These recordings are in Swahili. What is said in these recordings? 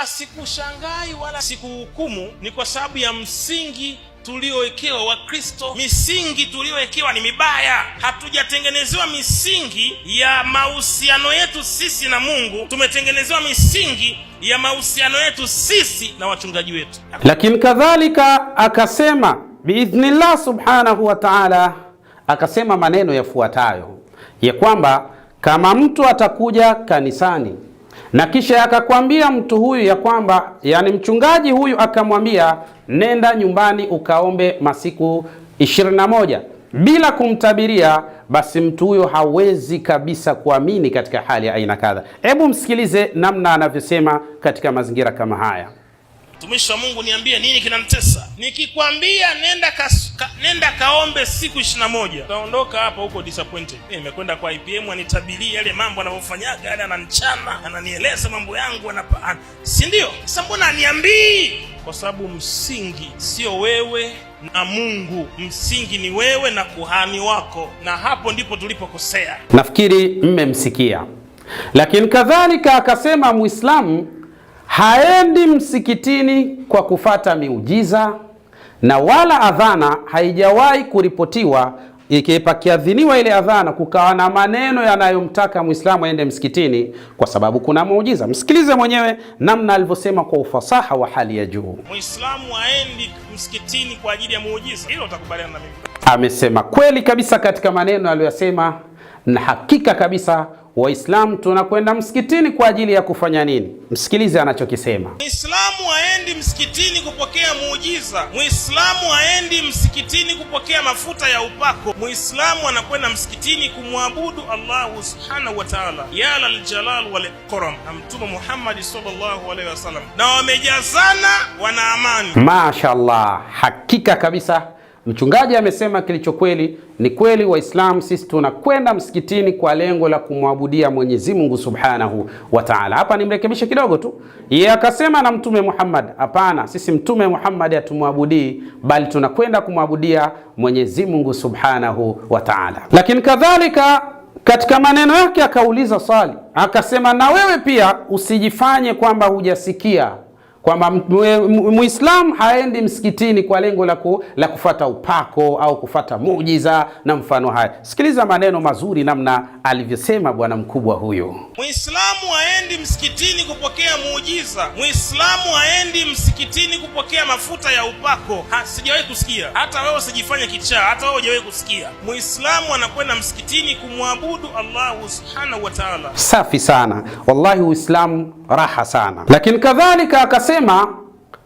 wala sikushangai wala sikuhukumu, ni kwa sababu ya msingi tuliowekewa wa Kristo. Misingi tuliyowekewa ni mibaya, hatujatengenezewa misingi ya mahusiano yetu sisi na Mungu, tumetengenezewa misingi ya mahusiano yetu sisi na wachungaji wetu. Lakini kadhalika akasema biidhnillah subhanahu wa ta'ala, akasema maneno yafuatayo ya kwamba kama mtu atakuja kanisani na kisha akakwambia mtu huyu ya kwamba, yani mchungaji huyu akamwambia, nenda nyumbani ukaombe masiku 21 bila kumtabiria, basi mtu huyo hawezi kabisa kuamini katika hali ya aina kadha. Hebu msikilize namna anavyosema katika mazingira kama haya. Mtumishi wa Mungu, niambie nini kinamtesa? Nikikwambia nenda ka, ka, nenda kaombe siku ishirini moja utaondoka hapa huko disappointed. Eh, nimekwenda kwa IPM anitabilii yale mambo anavyofanyaga, yale ananichana, ananieleza mambo yangu, si ndio? Sasa mbona aniambii? Kwa sababu msingi sio wewe na Mungu, msingi ni wewe na kuhani wako, na hapo ndipo tulipokosea. Nafikiri mmemsikia, lakini kadhalika akasema Muislamu haendi msikitini kwa kufata miujiza na wala adhana haijawahi kuripotiwa ikipakiadhiniwa ile adhana kukawa na maneno yanayomtaka Muislamu aende msikitini kwa sababu kuna muujiza. Msikilize mwenyewe namna alivyosema kwa ufasaha wa hali ya juu. Muislamu aendi msikitini kwa ajili ya muujiza, hilo utakubaliana na mimi? Amesema kweli kabisa katika maneno aliyosema na hakika kabisa Waislamu tunakwenda msikitini kwa ajili ya kufanya nini? Msikilize anachokisema. Muislamu haendi msikitini kupokea muujiza. Muislamu haendi msikitini kupokea mafuta ya upako. Muislamu anakwenda msikitini kumwabudu Allahu subhanahu wa taala, ya lal jalal wal ikram, na Mtume Muhammad sallallahu alaihi wasallam, na wamejazana wana amani. Mashaallah, hakika kabisa Mchungaji amesema kilicho kweli ni kweli. Waislamu sisi tunakwenda msikitini kwa lengo la kumwabudia Mwenyezi Mungu Subhanahu wa Ta'ala. Hapa nimrekebishe kidogo tu, yeye akasema na Mtume Muhammad. Hapana, sisi Mtume Muhammad hatumwabudii, bali tunakwenda kumwabudia Mwenyezi Mungu Subhanahu wa Ta'ala. Lakini kadhalika katika maneno yake akauliza swali akasema, na wewe pia usijifanye kwamba hujasikia kwamba Muislamu haendi msikitini kwa lengo la la kufata upako au kufata muujiza na mfano haya. Sikiliza maneno mazuri namna alivyosema bwana mkubwa huyo Muislamu haendi msikitini kupokea muujiza, Mwislamu haendi msikitini kupokea mafuta ya upako. Sijawahi kusikia, hata wewe usijifanye kichaa, hata wewe hujawahi kusikia. Mwislamu anakwenda msikitini kumwabudu Allahu subhanahu wa taala. Safi sana, wallahi Uislamu raha sana. Lakini kadhalika akasema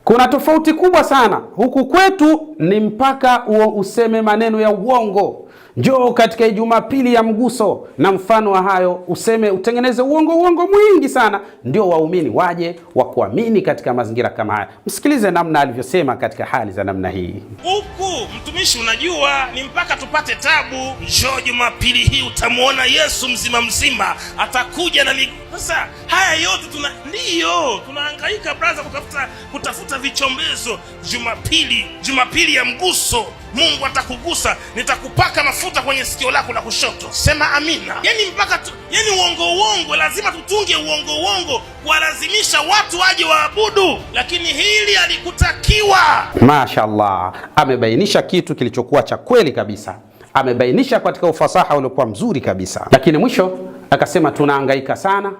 kuna tofauti kubwa sana, huku kwetu ni mpaka uo useme maneno ya uongo Njoo katika Jumapili ya mguso na mfano wa hayo useme, utengeneze uongo uongo mwingi sana, ndio waumini waje wakuamini katika mazingira kama haya. Msikilize namna alivyosema katika hali za namna hii. Huku mtumishi, unajua ni mpaka tupate tabu. Njoo Jumapili hii utamwona Yesu mzima mzima, atakuja na mi... Sasa haya yote tuna ndiyo tunahangaika braza, kutafuta kutafuta vichombezo. Jumapili, Jumapili ya mguso Mungu atakugusa, nitakupaka mafuta kwenye sikio lako la kushoto. Sema amina. Yani mpaka tu, yani uongo uongo, lazima tutunge uongo uongo kuwalazimisha watu waje waabudu, lakini hili alikutakiwa. Mashaallah, amebainisha kitu kilichokuwa cha kweli kabisa, amebainisha katika ufasaha uliokuwa mzuri kabisa, lakini mwisho akasema tunaangaika sana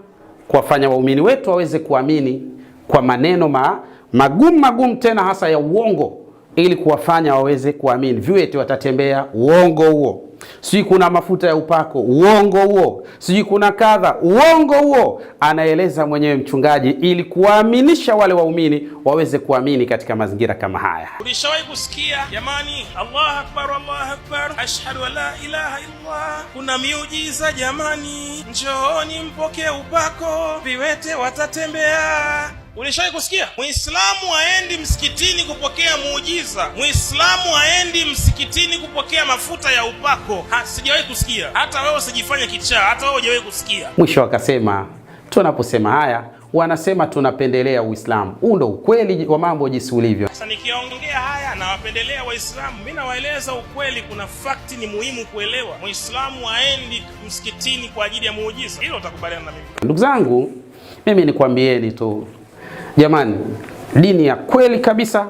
kuwafanya waumini wetu waweze kuamini kwa maneno ma, magumu magumu, tena hasa ya uongo ili kuwafanya waweze kuamini. Viwete watatembea uongo huo, sijui kuna mafuta ya upako uongo huo, sijui kuna kadha uongo huo, anaeleza mwenyewe mchungaji, ili kuwaaminisha wale waumini waweze kuamini katika mazingira kama haya. Ulishawahi kusikia jamani, allah akbar, allah akbar, ashhadu an la ilaha illallah, kuna miujiza jamani, njooni mpokee upako, viwete watatembea Ulishawahi kusikia Muislamu aendi msikitini kupokea muujiza? Muislamu aendi msikitini kupokea mafuta ya upako? Sijawahi kusikia. Hata wewe usijifanye kichaa, hata wewe hujawahi kusikia. Mwisho akasema tunaposema haya wanasema tunapendelea Uislamu. Huu ndo ukweli wa mambo jinsi ulivyo. Sasa nikiongea haya nawapendelea Waislamu, mimi nawaeleza ukweli. Kuna fakti ni muhimu kuelewa. Muislamu aendi msikitini kwa ajili ya muujiza, hilo utakubaliana na mimi? Ndugu zangu, mimi nikwambieni tu Jamani, dini ya kweli kabisa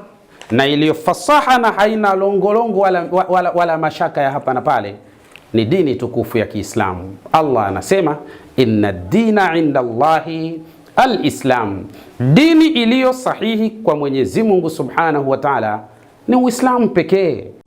na iliyofasaha na haina longolongo wala, wala, wala mashaka ya hapa na pale ni dini tukufu ya Kiislamu. Allah anasema inna dina inda Allahi al-Islam, dini iliyo sahihi kwa Mwenyezi Mungu Subhanahu wa Ta'ala ni Uislamu pekee.